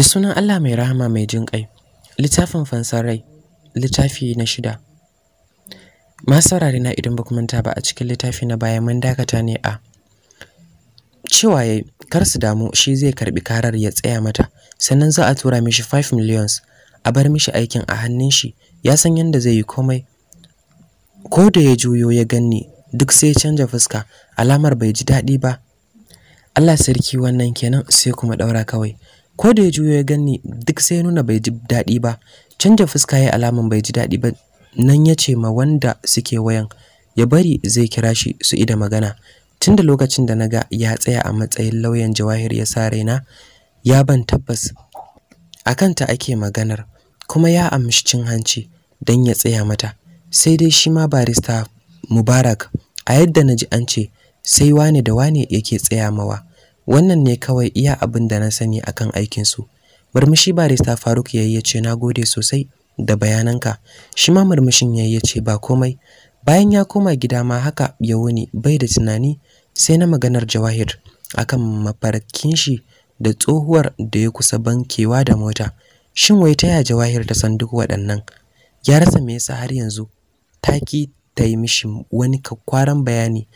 da sunan Allah mai rahama mai jin ƙai littafin fansar rai littafi na shida masarare na idan ba ba a cikin littafi na baya mun dakata ne a cewa yayi kar su damu shi zai karbi karar ya tsaya mata sannan za a tura mishi 5 millions a bar mishi aikin a hannun shi ya san yadda zai yi komai ko da ya juyo ya ganni duk sai canja fuska alamar bai ji daɗi ba Allah sarki wannan kenan sai kuma ɗaura kawai ko da ya juyo ya gani duk sai nuna bai ji daɗi ba canja fuska ya alaman bai ji daɗi ba nan ya ce ma wanda suke wayan ya bari zai kira shi su ida magana tun da lokacin da na ga, ya tsaya a matsayin lauyan jawahir ya sa raina ya ban tabbas a kanta ake maganar kuma ya amshi cin hanci don ya tsaya mata sai dai shi ma barista mubarak a yadda na ji an ce sai wane da wane yake tsaya mawa wannan ne kawai iya abin da na sani akan aikin su murmushi barista Faruk yayi na gode sosai da bayananka shi ma murmushin yayi yace ba komai bayan ya koma gida ma haka ya wuni bai da tunani sai na maganar Jawahir akan mafarkin shi da tsohuwar da ya kusa bankewa da mota shin wai ta ya Jawahir da san duk waɗannan ya rasa me yasa har yanzu taki ta yi mishi wani kakkwaran bayani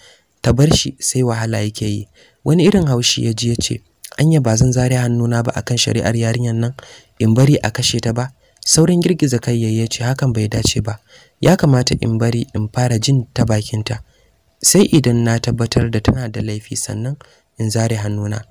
ta bar shi sai wahala yake yi wani irin haushi ya ji ya ce anya ba zan zare hannuna ba akan shari'ar yarinyar nan in bari a kashe ta ba saurin girgiza kai ya ce hakan bai dace ba ya kamata in bari in fara jin ta bakinta sai idan na tabbatar da tana da laifi sannan in zare hannuna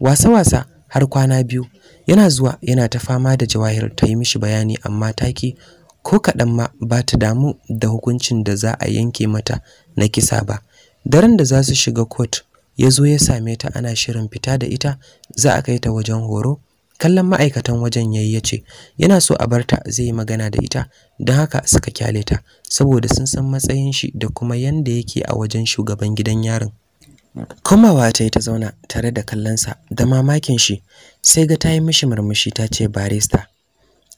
wasa-wasa har kwana biyu yana zuwa yana ta fama da jawahir ta yi mishi bayani amma taki ko kaɗan ma ba ta damu da hukuncin da za a yanke mata na kisa ba daren da za su shiga kot ya zo ya same ta ana shirin fita da ita za a kai ta wajen horo kallon ma'aikatan wajen yayi ya ce yana so a barta zai yi magana da ita don haka suka kyale ta saboda sun san matsayin shi da kuma yanda yake a wajen shugaban gidan yarin komawa ta yi ta zauna tare da kallonsa da mamakin shi sai ga ta yi mishi murmushi ta ce barista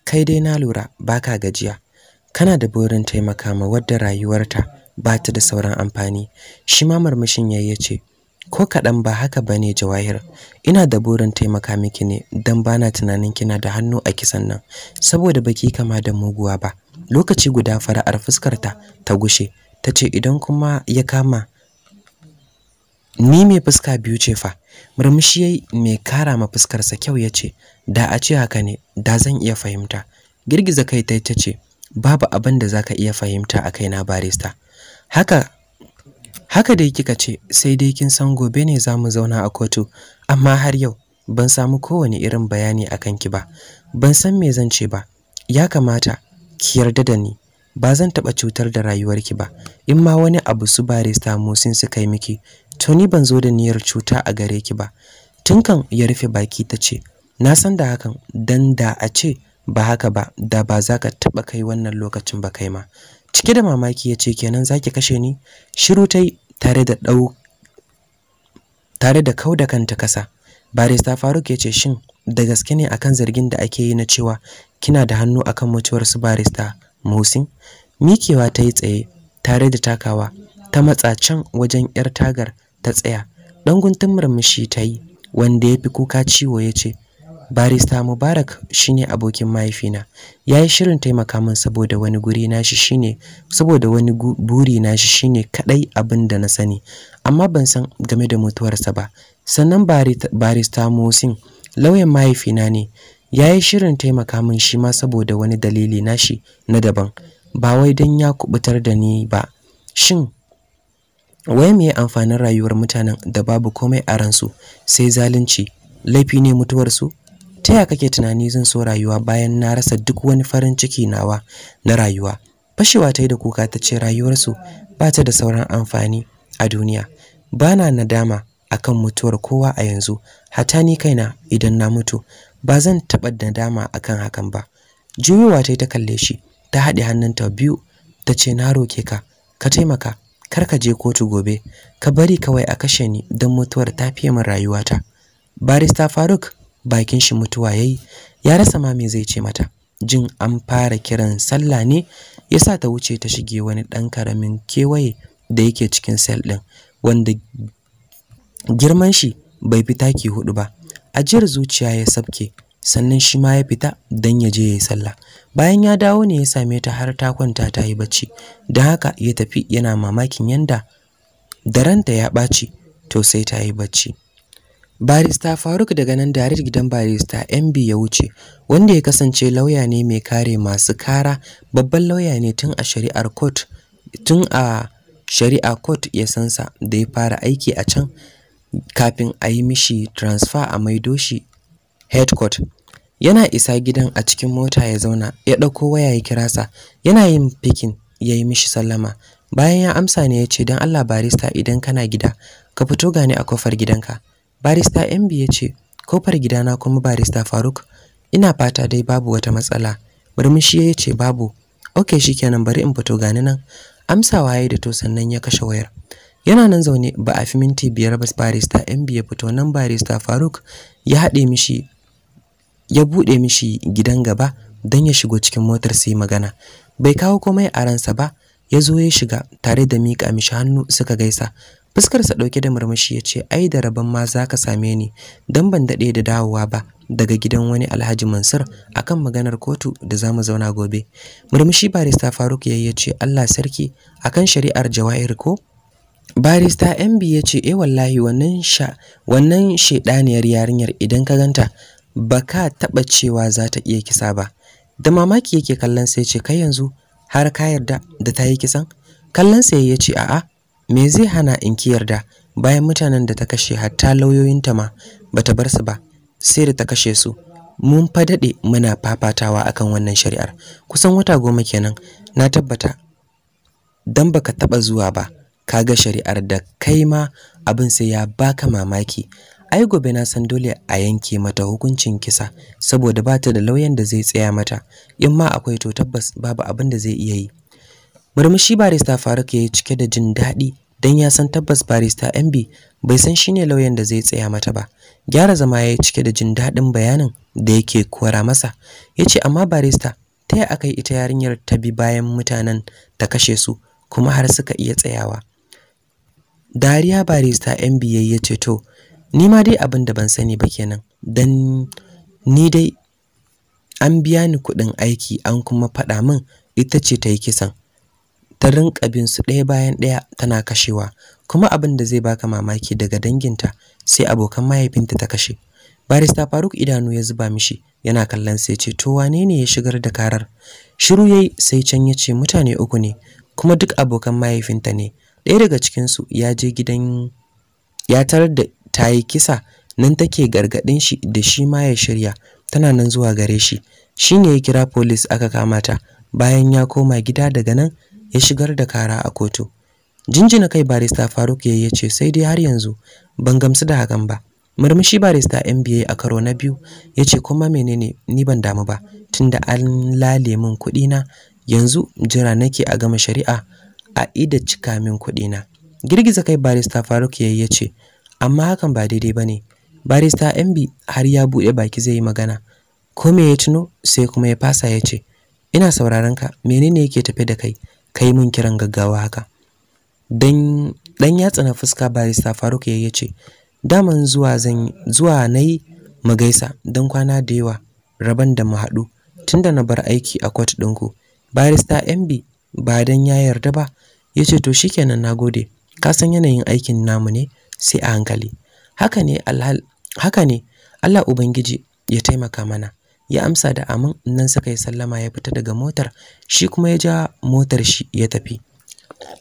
kai dai na lura baka gajiya kana da burin taimaka ma wadda rayuwarta ba ta da sauran amfani shi ma murmushin yayi ya ce ko kaɗan ba haka ba ne jawahir ina da burin taimaka miki ne don ba na tunanin kina da hannu a kisan nan saboda baki kama da muguwa ba lokaci guda fara'ar fuskarta ta gushe ta ce idan kuma ya kama ni mai fuska biyu ce fa murmushi ya mai kara ma fuskarsa kyau ya ce da a ce haka ne da zan iya fahimta girgiza kai ta ce babu abin da za ka iya fahimta a kaina barista haka haka dai kika ce sai dai kin san gobe ne za mu zauna a kotu amma har yau ban samu kowane irin bayani a kanki ba ban san me zan ce ba ya kamata ki yarda da ni ba zan taɓa cutar da rayuwarki ba in ma wani abu su barista musin suka yi miki to ni ban zo da niyyar cuta a gare ki ba Tun kan ya rufe baki ta ce na san da hakan dan da a ce ba haka ba da ba za ka taɓa kai wannan lokacin ba kai ma cike da mamaki ya ce kenan za ki kashe ni shiru ta yi tare da dau tare da kau da kanta kasa barista faruk yace shin da gaske ne akan zargin da ake yi na cewa kina da hannu akan mutuwar su barista musin mikewa ta yi tsaye tare da takawa ta matsa can wajen yar tagar ta tsaya dan guntun murmushi ta yi wanda ya fi kuka ciwo yace ce barista Mubarak shine abokin mahaifina yayi shirin taimaka min saboda wani guri nashi shine saboda wani buri nashi shine kadai abin da na sani amma ban san game da mutuwarsa ba sannan barista Musin lauyan mahaifina ne yayi shirin taimaka min shi ma saboda wani dalili nashi na daban ba wai dan ya kubutar da ni ba shin wai me amfanin rayuwar mutanen da babu komai a ransu sai zalunci laifi ne mutuwarsu ta ya kake tunani zan so rayuwa bayan na rasa duk wani farin ciki nawa na rayuwa fashewa ta yi da kuka ta ce rayuwarsu ba ta da sauran amfani a duniya ba na nadama akan mutuwar kowa a yanzu hata ni kaina idan na mutu ba zan taɓa nadama akan hakan ba juyowa ta yi ta kalle shi ta haɗe hannunta biyu ta ce na roke ka ka taimaka kar ka je kotu gobe ka bari kawai a kashe ni don mutuwar ta fiye min rayuwata barista faruk bakin shi mutuwa yayi ya rasa ma me zai ce mata jin an fara kiran sallah ne yasa ta wuce ta shige wani dan karamin kewaye da yake cikin sel din wanda girman shi bai fita ki hudu ba ajiyar zuciya ya sabke sannan shi ma ya fita dan ya je ya yi sallah bayan ya dawo ne ya same ta har ta kwanta ta yi bacci da haka ya tafi yana mamakin yanda darenta ya ɓaci to sai ta yi bacci Barista Faruk daga nan da gidan barista MB ya wuce wanda ya kasance lauya ne mai kare masu kara babban lauya ne tun a shari'ar court tun a shari'a court ya sansa da ya fara aiki a can kafin a yi mishi transfer a maido shi head court yana isa gidan a cikin mota ya zauna ya ɗauko waya ya kira yana yin fikin ya yi mishi sallama bayan ya amsa ne ya ce don Allah barista idan kana gida ka fito gani a kofar gidanka Barista MB ya ce, Kofar gidana kuma barista Faruk, ina fata dai babu wata matsala. Murmushi ya ce babu. Ok shikenan bari in fito gani nan. Amsawa ya da to sannan ya kashe wayar. Yana nan zaune ba a fi minti biyar ba barista MB ya fito nan barista Faruk ya haɗe mishi ya buɗe mishi gidan gaba don ya shigo cikin motar sai magana. Bai kawo komai a ransa ba, ya zo ya shiga tare da miƙa mishi hannu suka gaisa Fuskarsa ɗauke da murmushi ya ce, Ai, da rabon ma za ka same ni, don ban daɗe da dawowa ba daga gidan wani Alhaji Mansur akan maganar kotu da za mu zauna gobe. Murmushi barista Faruk ya ce, Allah sarki, akan shari'ar Jawahir ko? Barista MB ya ce, Eh wallahi wannan sha wannan shedaniyar yarinyar idan ka ganta baka taɓa cewa za ta iya kisa ba. Da mamaki yake kallon sai ce, Kai yanzu har ka yarda da ta yi kisan? Kallon sai ya ce, A'a, me zai hana in ki yarda bayan mutanen da ta kashe hatta lauyoyinta ma bata bar su ba sai da ta kashe su mun fa muna fafatawa akan wannan shari'ar kusan wata goma kenan na tabbata dan baka taba zuwa ba kaga shari'ar da kai ma abin sai ya baka mamaki ai gobe na san dole a yanke mata hukuncin kisa saboda ba ta da lauyan da zai tsaya mata in ma akwai to tabbas babu abin da zai iya yi murmushi barista Faruk yi cike da jin daɗi don ya san tabbas barista MB bai san shine lauyan da zai tsaya mata ba. Gyara zama ya cike da jin daɗin bayanin da yake kora masa. yace amma barista ta yi aka ita yarinyar ta bi bayan mutanen ta kashe su kuma har suka iya tsayawa. Dariya barista MB yayi ce to ni ma dai abin da ban sani ba kenan dan ni dai an biya ni kuɗin aiki an kuma faɗa min ita ce ta yi kisan ta rinka bin su ɗaya bayan ɗaya tana kashewa kuma abin da zai baka mamaki daga danginta sai abokan mahaifinta ta kashe barista Faruk idanu ya zuba mishi yana kallon sai ce to wane ne ya shigar da karar shiru yayi sai can ya ce mutane uku ne kuma duk abokan mahaifinta ne ɗaya daga cikin su ya je gidan ya tarar da ta yi kisa nan take gargadin shi da shi ma ya shirya tana nan zuwa gare shi shine ya kira police aka kama ta bayan ya koma gida daga nan ya shigar da kara a kotu jinjina kai barista Faruk yayi ce, sai dai har yanzu ban gamsu da hakan ba murmushi barista MBA a karo na biyu yace kuma menene ni ban damu ba tunda an lale min kuɗi na yanzu jira nake a gama shari'a a ida cika min kuɗi na girgiza kai barista Faruk yayi ce, amma hakan ba daidai ba ne. barista MB har ya bude baki zai yi magana ko me ya tuno sai kuma ya fasa yace ina sauraron ka menene yake tafe da kai kai mun kiran gaggawa haka dan dan ya tsana fuska barista Faruk ya ce daman zuwa zan zuwa nayi mu gaisa dan kwana da yawa raban da mu haɗu tunda na bar aiki a court ɗinku barista MB ba dan ya yarda ba yace to shikenan nagode ka san yanayin aikin namu ne sai a hankali haka ne alhal haka ne Allah ubangiji ya taimaka mana ya amsa da amin nan suka yi sallama ya fita daga motar shi kuma ya ja motar shi ya tafi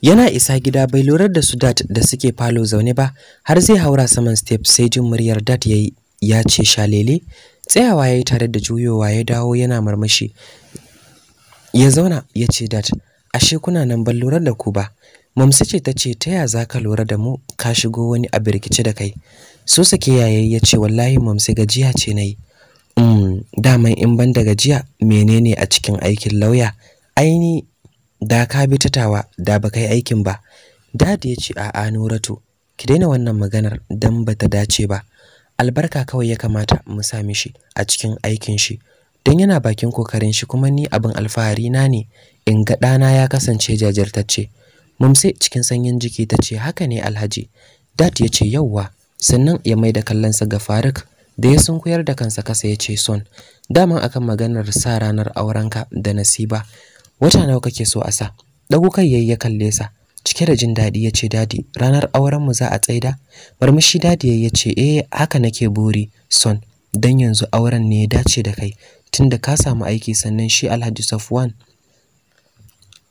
yana isa gida bai lura da su dat da suke falo zaune ba har zai haura saman step sai jin muryar dat yayi ya ce shalele tsayawa yayi tare da juyowa ya dawo yana marmashi ya zauna ya ce dat ashe kuna nan ban lura da ku ba mamsa ce ta ce ta ya za ka lura da mu ka shigo wani a birkice da kai so sake yaye ya ce wallahi mamsa gajiya ce na yi Mm, daman in ban da gajiya menene a cikin aikin lauya aini da ka bi tatawa da ba kai aikin ba dadi ya ce a'a nuratu ki daina wannan maganar dan ta dace ba albarka kawai ya kamata mu sami shi a cikin aikin shi don yana bakin kokarin shi kuma ni abin alfahari na ne in ga dana ya kasance jajirtacce mumse cikin sanyin jiki ta ce haka ne alhaji Dad ya ce yauwa sannan ya mai da kallonsa ga faruk da ya sunkuyar da kansa kasa ya ce son daman akan maganar sa ranar aurenka da nasiba wata nawa kake so a sa dago kai yayi ya kalle sa cike da jin daɗi ya ce dadi ranar auren mu za a tsaida murmushi dadi yayi ya ce eh haka nake buri son dan yanzu auren ne ya dace da kai tunda ka samu aiki sannan shi Alhaji Safwan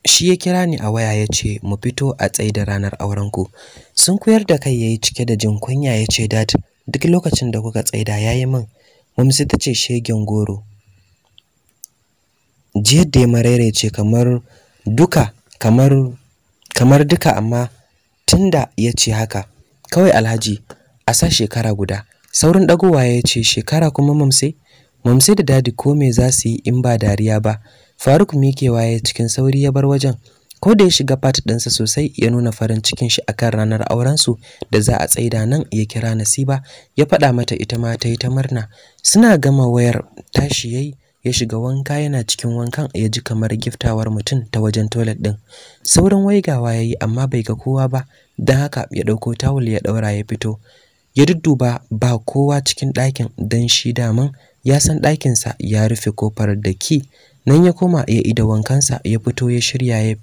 shi ya kira ni a waya ya ce mu fito a tsaida ranar aurenku sun koyar da kai yayi cike da jin kunya ya ce dadi duk lokacin da kuka tsaida yayi min mamsi ta ce shegen goro ji da ya ce kamar duka kamar kamar duka amma tunda ya ce haka kawai alhaji a sa shekara guda saurin dagowa ya ce shekara kuma mamse mamsi da dadi ko me za su yi in ba dariya ba faruk mikewa ya cikin sauri ya bar wajen ko da ya shiga fati ɗinsa sosai ya nuna farin cikin shi akan ranar aurensu da za a tsaida nan ya kira nasiba ya faɗa mata ita ma ta yi ta murna suna gama wayar tashi yayi ya shiga wanka yana cikin wankan ya ji kamar giftawar mutum ta wajen toilet ɗin saurin waigawa ya yi amma bai ga kowa ba don haka ya ɗauko tawul ya ɗaura ya fito ya dudduba ba kowa cikin ɗakin don shi daman ya san ɗakinsa ya rufe kofar da ki nan ya koma ya ida wankansa ya fito ya shirya ya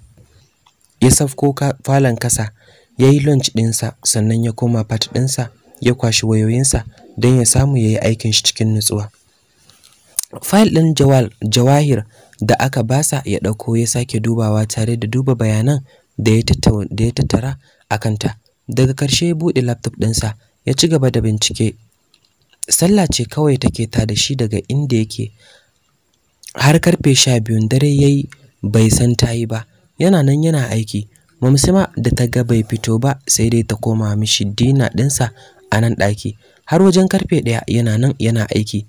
ya safko falon kasa ya yi lunch ɗinsa sannan ya koma fat ɗinsa ya kwashi wayoyinsa don ya samu ya yi aikin shi cikin nutsuwa fayil ɗin jawahir da aka basa ya ɗauko ya sake dubawa tare da duba bayanan da ya tattara a kanta daga ƙarshe ya buɗe laptop ɗinsa ya ci gaba da bincike sallah ce kawai take ta da shi daga inda yake har karfe sha biyun dare ya yi bai san ta yi ba yana nan yana aiki mamsima da ta ga bai fito ba sai dai ta koma mishi dina ɗinsa a nan ɗaki har wajen karfe ɗaya yana nan yana aiki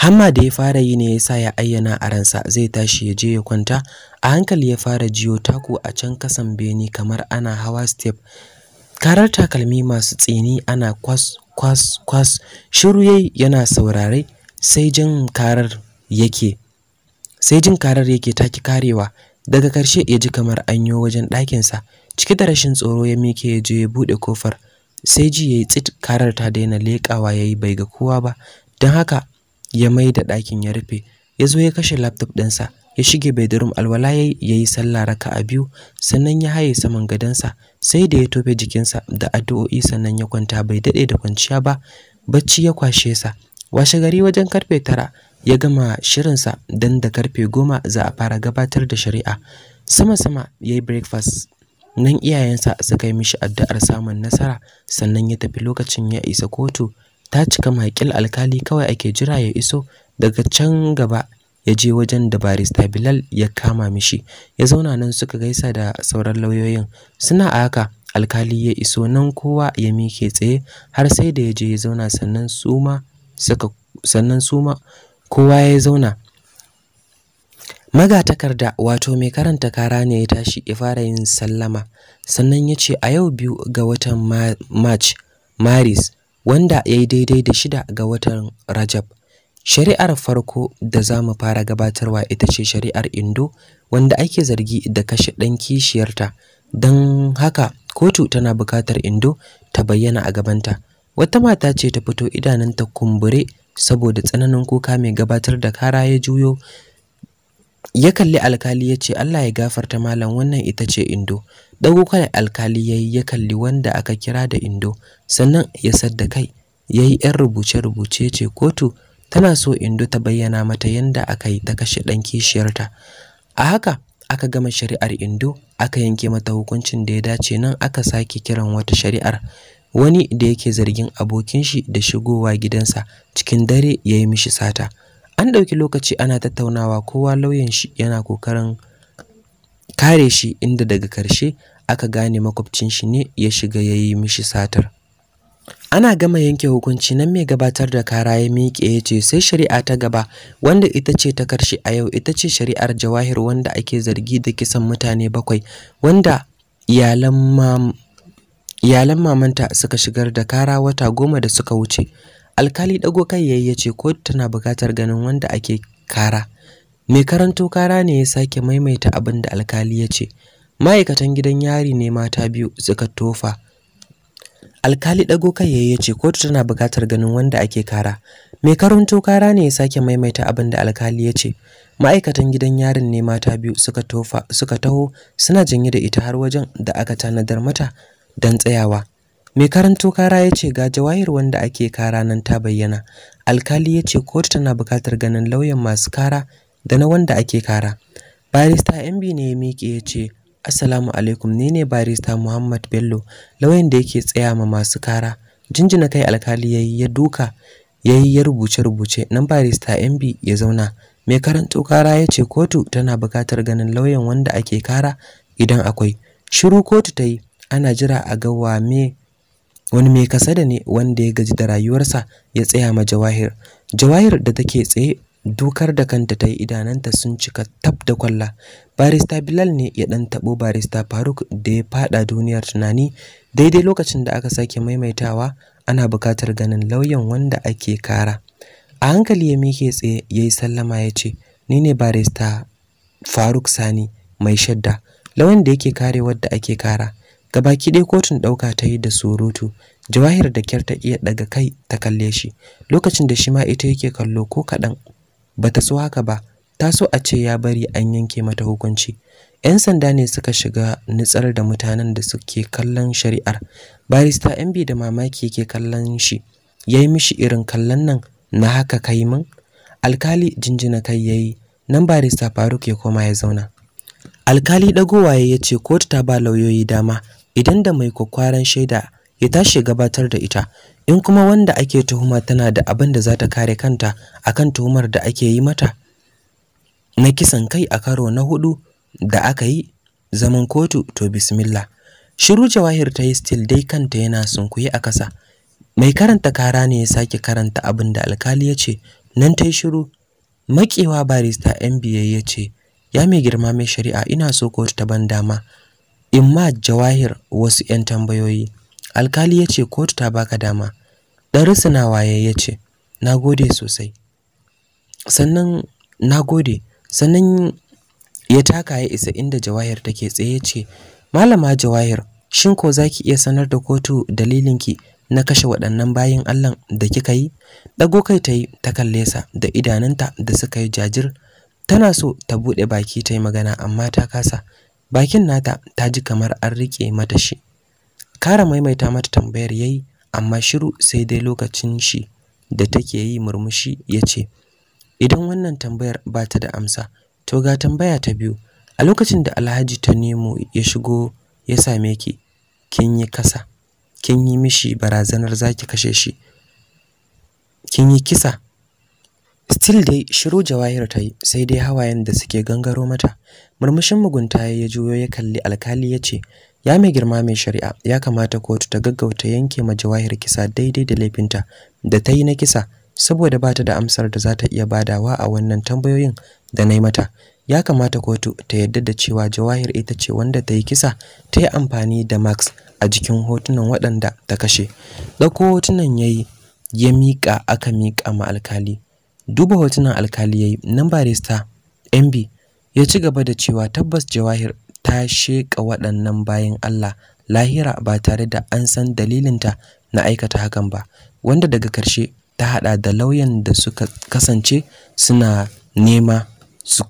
hamma da ya fara yi ne ya sa ya ayyana a ransa zai tashi ya je ya kwanta a hankali ya fara jiyo taku a can kasan beni kamar ana hawa step karar takalmi masu tsini ana kwas kwas kwas shiru yayi yana saurare sai jin karar yake sai jin karar yake taki karewa daga ƙarshe ya ji kamar anyo yo wajen ɗakinsa cike da rashin tsoro ya mike ya je ya buɗe kofar sai ji ya yi tsit karar ta daina leƙawa ya yi bai ga kowa ba don haka ya mai da ɗakin ya rufe ya zo ya kashe laptop ɗinsa ya shige bedroom alwala ya yi sallah raka a biyu sannan ya haye saman gadonsa sai da ya tofe jikinsa da addu'o'i sannan ya kwanta bai daɗe da kwanciya ba bacci ya kwashe sa washe gari wajen karfe tara ya gama shirinsa don da karfe goma za a fara gabatar da shari'a sama-sama ya yi breakfast nan iyayensa suka yi mishi addu'ar samun nasara sannan ya tafi lokacin ya isa kotu ta cika makil alkali kawai ake jira ya iso daga can gaba ya je wajen da barista Bilal ya kama mishi ya zauna nan suka gaisa da sauran lauyoyin suna a haka alkali ya iso nan kowa ya mike tsaye har sai da ya je ya zauna sannan suma suka sannan kowa ya zauna magatakarda wato mai karanta kara ne ya tashi ya fara yin sallama sannan ya ce a yau biyu ga watan march maris wanda ya yi daidai da shida ga watan rajab shari'ar farko da za mu fara gabatarwa ita ce shari'ar indo wanda ake zargi da kashe ɗan kishiyarta don haka kotu tana buƙatar indo ta bayyana a gabanta wata mata ce ta fito idanunta kumbure saboda tsananin kuka mai gabatar da kara ya juyo ya kalli alkali ya ce Allah ya gafarta malam wannan ita ce indo dago kai alkali yayi ya kalli wanda aka kira da indo sannan ya sadda kai ya yi yan rubuce rubuce ce kotu tana so indo ta bayyana mata yanda aka yi ta kashe ɗan kishiyarta a haka aka gama shari'ar indo aka yanke mata hukuncin da ya dace nan aka sake kiran wata shari'ar wani da yake zargin abokin shi da shigowa gidansa cikin dare ya yi mishi sata an ɗauki lokaci ana tattaunawa kowa lauyan shi yana kokarin kare shi inda daga karshe aka gane makwabcin shi ne ya shiga ya yi mishi satar ana gama yanke hukunci nan mai gabatar da kara ya miƙe ya ce sai shari'a ta gaba wanda ita ce ta karshe a yau ita ce shari'ar jawahir wanda ake zargi da kisan mutane bakwai wanda iyalan iyalan mamanta suka shigar da kara wata goma da suka wuce alkali dago kai yayi ya ce kotu tana buƙatar ganin wanda ake kara mai karanto kara ne ya sake maimaita abin da alkali ya ce ma'aikatan gidan yari ne mata biyu suka tofa alkali dago kai yayi ya ce kotu tana buƙatar ganin wanda ake kara mai karanto kara ne ya sake maimaita abin da alkali ya ce ma'aikatan gidan yarin ne mata biyu suka tofa suka taho suna janye da ita har wajen da aka tanadar mata don tsayawa mai karanto kara ya ce ga jawahir wanda ake kara nan ta bayyana alkali ya ce kotu tana bukatar ganin lauyan masu kara da na wanda ake kara barista mb ne ya miƙe ya ce assalamu alaikum ni ne barista muhammad bello lauyan da yake tsaya ma masu kara jinjina kai alkali ya yi ya duka ya yi ya rubuce rubuce nan barista mb ya zauna mai karanto kara ya ce kotu tana bukatar ganin lauyan wanda ake kara idan akwai shiru kotu ta yi ana jira a ga wa wani mai kasa da ne wanda ya gaji da rayuwarsa ya tsaya ma jawahir jawahir da take tsaye dukar da kanta ta yi idananta sun cika tab da kwalla barista bilal ne ya dan tabo barista faruk da ya fada duniyar tunani daidai lokacin da aka sake maimaitawa ana bukatar ganin lauyan wanda ake kara a hankali ya mike tsaye ya yi sallama ya ce ni ne barista faruk sani mai shadda lauyan da yake kare wadda ake kara Gabaki ɗaya kotun ɗauka ta yi da surutu. Jawahir da kyar ta iya daga kai ta kalle shi. Lokacin da shi ma ita yake kallo ko kaɗan. Bata so haka ba, ta so a ce ya bari an yanke mata hukunci. 'Yan sanda ne suka shiga nutsar da mutanen da suke kallon shari'ar. Barista MB da mamaki yake kallon shi. Ya yi mishi irin kallon nan na haka kai min. Alkali jinjina kai yayi. Nan barista Faruk ya koma ya zauna. Alkali ɗagowaye ya ce kotu ta ba lauyoyi dama idan da mai kwakwaran shaida ya tashi gabatar da ita in kuma wanda ake tuhuma tana da abin da za ta kare kanta akan tuhumar da ake yi mata na kisan kai a karo na hudu da aka yi zaman kotu to bismillah shiru jawahir ta yi still dai kanta yana sunkuye a kasa mai karanta kara ne ya sake karanta abin da alkali ya ce nan ta yi shiru makewa barista mba ya ce ya mai girma mai shari'a ina so kotu ta ban dama Imma Jawahir wasu 'yan tambayoyi. Alkali ya ce kotu ta baka dama. Dan waye ya ce, "Na gode sosai." Sannan na gode, sannan ya taka ya isa inda Jawahir take tsaye ce, "Malama Jawahir, shin ko za ki iya sanar da kotu dalilinki na kashe waɗannan bayin Allah da kika yi?" ɗago kai ta yi ta kalle sa da idanunta da suka yi jajir. Tana so ta buɗe baki ta yi magana amma ta kasa bakin nata ta ji kamar an rike mata shi kara maimaita mata tambayar yayi amma shiru sai dai lokacin shi da take yi murmushi ya ce. idan wannan tambayar ba ta da amsa to ga tambaya ta biyu a lokacin da Alhaji ta nemo ya shigo ya same ki kin yi kasa kin yi mishi barazanar zaki kashe shi kin yi kisa Still dai shiru Jawahir ta yi sai dai hawayen da suke gangaro mata. Murmushin mugunta ya juyo ya kalli alkali ya ce, "Ya mai girma mai shari'a, ya kamata kotu ta gaggauta yanke ma Jawahir kisa daidai da laifinta da ta yi na kisa saboda ba ta da amsar da za ta iya badawa a wannan tambayoyin da na yi mata. Ya kamata kotu ta yarda da cewa Jawahir ita ce wanda ta yi kisa ta yi amfani da Max a jikin hotunan waɗanda ta kashe." Ɗauko hotunan ya yi ya miƙa aka miƙa ma alkali. duba hotunan alkali yi nan barista MB ya ci gaba da cewa tabbas Jawahir ta sheka waɗannan bayan Allah lahira ba tare da an san dalilinta na aikata hakan ba wanda daga karshe ta haɗa da lauyan da suka kasance suna nema su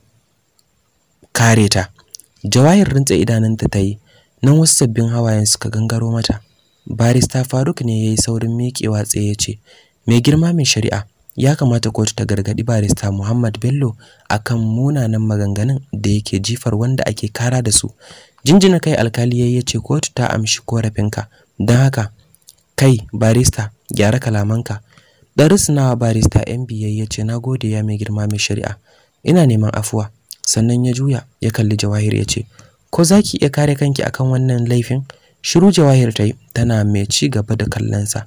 kare ta Jawahir rintsa idanunta ta yi nan wasu sabbin hawayen suka gangaro mata barista Faruk ne ya yi saurin miƙewa tsaye ce mai girma mai shari'a ya kamata kotu ta gargadi barista Muhammad Bello akan munanan maganganun da yake jifar wanda ake kara da su jinjina kai alkali ya ce kotu ta amshi korafinka don haka kai barista gyara kalamanka Daris na barista MBA ya ce gode ya mai girma mai shari'a ina neman afuwa sannan ya juya ya kalli Jawahir ya ce ko za ki iya kare kanki akan wannan laifin shiru Jawahir ta yi tana mai ci gaba da kallonsa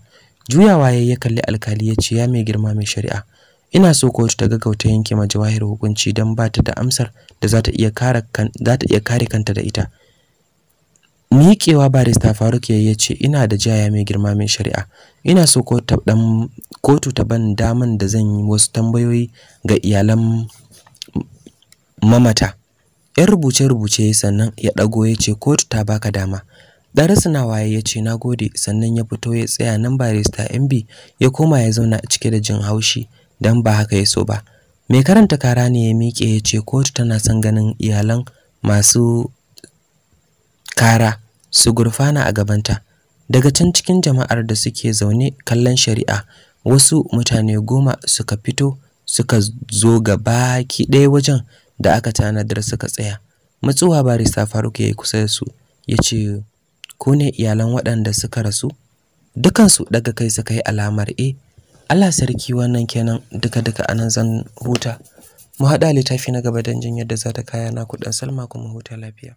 juyawa ya ya kalli alkali ya ce ya mai girma mai shari'a ina so kotu ta gaggauta yanke ma jawahir hukunci don ba ta da amsar da za ta iya kare kanta da ita miƙewa barista Faruk yayi ya ce ina da jaya mai girma mai shari'a ina so kotu ta kotu ta ban daman da zan yi wasu tambayoyi ga iyalan mamata yan rubuce-rubuce sannan ya ɗago ya ce kotu ta baka dama Darasa na ya ce na gode sannan ya fito ya tsaya nan barista MB ya koma ya zauna cike da jin haushi dan ba haka ya so ba. Mai karanta kara ne ya miƙe ya ce kotu tana son ganin iyalan masu kara su gurfana a gabanta. Daga can cikin jama'ar da suke zaune kallon shari'a wasu mutane goma suka fito suka zo ga baki ɗaya wajen da aka tanadar suka tsaya. Matsuwa barista Faruk ya yi kusa da su ya ce ko ne iyalan waɗanda suka rasu dukansu daga kai suka yi alamar e Allah sarki wannan kenan duka duka anan zan huta mu haɗa littafi na gaba don jin yadda za ta kaya na kuɗin salma kuma huta lafiya